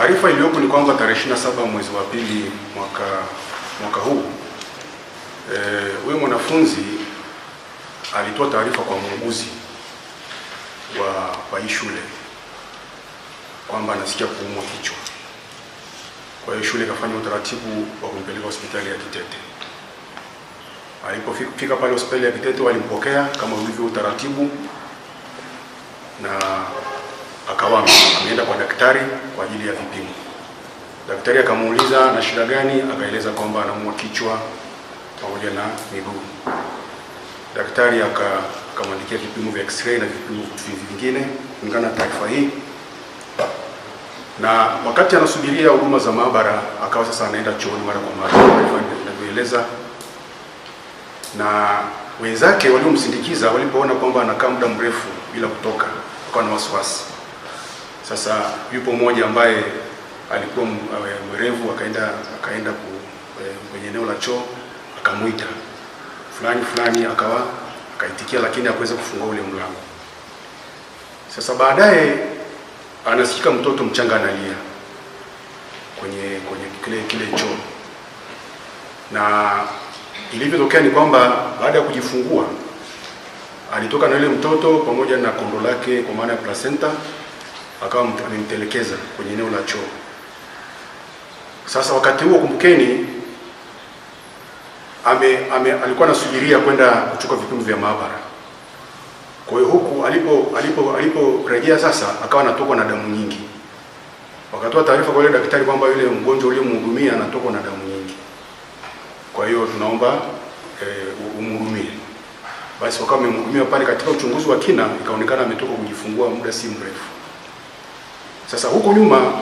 Taarifa iliyopo ni kwamba tarehe 27 mwezi wa pili mwaka, mwaka huu eh, huyo e, mwanafunzi alitoa taarifa kwa muuguzi wa, wa hii shule kwamba anasikia kuumwa kichwa. Kwa hiyo shule ikafanya utaratibu wa kumpeleka hospitali ya Kitete. Alipofika pale hospitali ya Kitete walimpokea kama ulivyo utaratibu na akawa ameenda kwa daktari kwa ajili ya vipimo. Daktari akamuuliza na shida gani, akaeleza kwamba anaumwa kichwa pamoja na miguu. Daktari akamwandikia vipimo vya x-ray na vipimo vingine kulingana na taarifa hii, na wakati anasubiria huduma za maabara akawa sasa anaenda chooni mara kwa mara inavyoeleza, na wenzake waliomsindikiza walipoona kwamba anakaa muda mrefu bila kutoka, akawa na wasiwasi. Sasa yupo mmoja ambaye alikuwa mwerevu akaenda akaenda e, kwenye eneo la choo akamwita fulani fulani, akawa akaitikia, lakini hakuweza kufungua ule mlango. Sasa baadaye anasikika mtoto mchanga analia kwenye kwenye kile kile choo, na ilivyotokea ni kwamba baada ya kujifungua alitoka na yule mtoto pamoja na kondo lake, kwa maana ya placenta akawa amenitelekeza kwenye eneo la choo. Sasa wakati huo kumbukeni, ame, ame alikuwa anasubiria kwenda kuchukua vipimo vya maabara. Kwa hiyo huku alipo alipo aliporejea sasa, akawa anatokwa na damu nyingi. Wakatoa taarifa kwa yule daktari kwamba yule mgonjwa uliyemhudumia anatokwa na damu nyingi, kwa hiyo tunaomba e, umhudumie. Basi wakawa wamemhudumia pale. Katika uchunguzi wa kina, ikaonekana ametoka kujifungua muda si mrefu. Sasa huko nyuma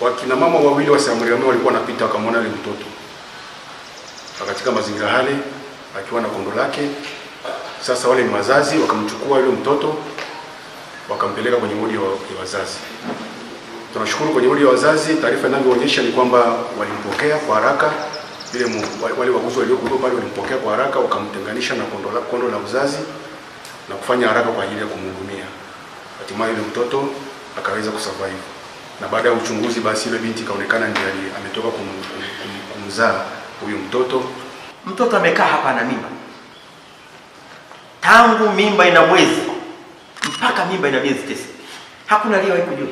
wakina mama wawili wa Samariamea walikuwa wanapita wakamwona yule mtoto katika mazingira hale akiwa na kondo lake. Sasa wale ni wazazi, wakamchukua yule mtoto wakampeleka kwenye wodi ya wa, wazazi. Tunashukuru kwenye wodi ya wazazi, taarifa inavyoonyesha ni kwamba walimpokea kwa haraka ile wale waguzi waliokuwa pale walimpokea kwa haraka, wakamtenganisha na kondo la, kondo la uzazi na kufanya haraka kwa ajili ya kumhudumia. Hatimaye yule mtoto akaweza kusurvive, na baada ya uchunguzi basi ile binti ikaonekana ndiye ametoka kumzaa huyu mtoto. Mtoto amekaa hapa na mimba tangu mimba ina mwezi mpaka mimba ina miezi tisa, hakuna aliyewahi kujua.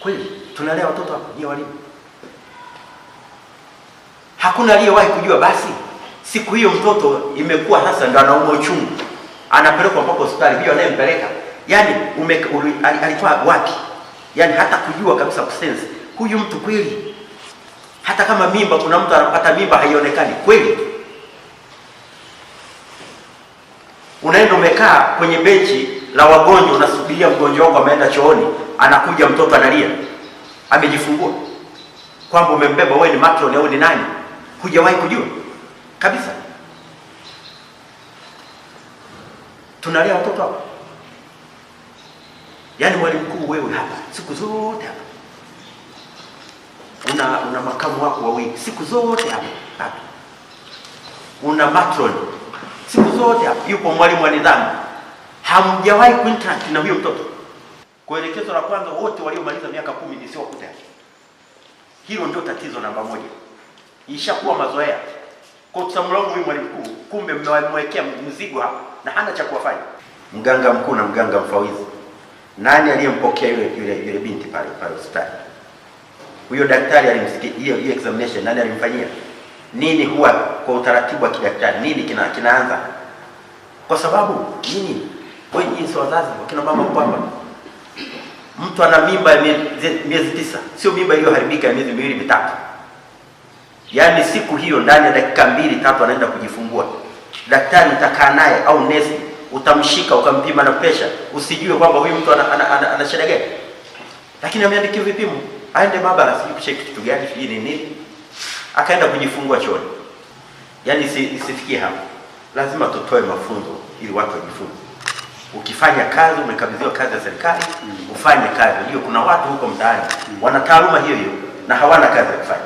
Kweli tunalea watoto hapa? ndio walimu? Hakuna aliyewahi kujua. Basi siku hiyo mtoto imekuwa hasa ndo anauma uchungu anapelekwa mpaka hospitali, hiyo anayempeleka yani alitoa wapi? Yani hata kujua kabisa kusense huyu mtu kweli, hata kama mimba, kuna mtu anapata mimba haionekani kweli. Unaenda umekaa kwenye benchi la wagonjwa, unasubiria mgonjwa wako ameenda chooni, anakuja mtoto analia, amejifungua, kwamba umembeba wewe ni matron au ni nani? Hujawahi kujua kabisa. tunalea watoto hapa. Yaani mwalimu mkuu wewe hapa siku zote hapa una, una makamu wako wawili siku zote hapa hapa, una matron siku zote hapa, yupo mwalimu wa nidhamu. Hamjawahi kuinteract na huyo mtoto. Kuelekezo la kwanza, wote waliomaliza miaka kumi ni sio Hilo ndio tatizo namba moja, ishakuwa mazoea kwa sababu huyu mwalimu mkuu kumbe mmewekea mzigo hapa na hana cha kuwafanya. Mganga mkuu na mganga mfawizi nani aliyempokea yule yule yule binti pale pale hospitali? Huyo daktari alimsikia hiyo hiyo examination, nani alimfanyia nini? Huwa kwa utaratibu wa kidaktari nini kina, kinaanza kwa sababu nini? Wewe sio wazazi wakina mama hapa, mtu ana mimba ya miezi tisa, sio mimba iliyoharibika ya miezi miwili mitatu. Yaani siku hiyo ndani ya dakika mbili tatu anaenda kujifungua daktari utakaa naye au nesi utamshika ukampima na pesha usijue kwamba huyu mtu ana, ana, ana, shida gani, lakini ameandikiwa vipimo, aende maabara, sijui kucheki kitu gani, sijui ni nini, akaenda kujifungua chooni. Yaani isifikie hapo, lazima tutoe mafunzo ili watu wajifunze. Ukifanya kazi, umekabidhiwa kazi ya serikali, mm. ufanye kazi hiyo. Kuna watu huko mtaani wana taaluma hiyo hiyo na hawana kazi ya kufanya.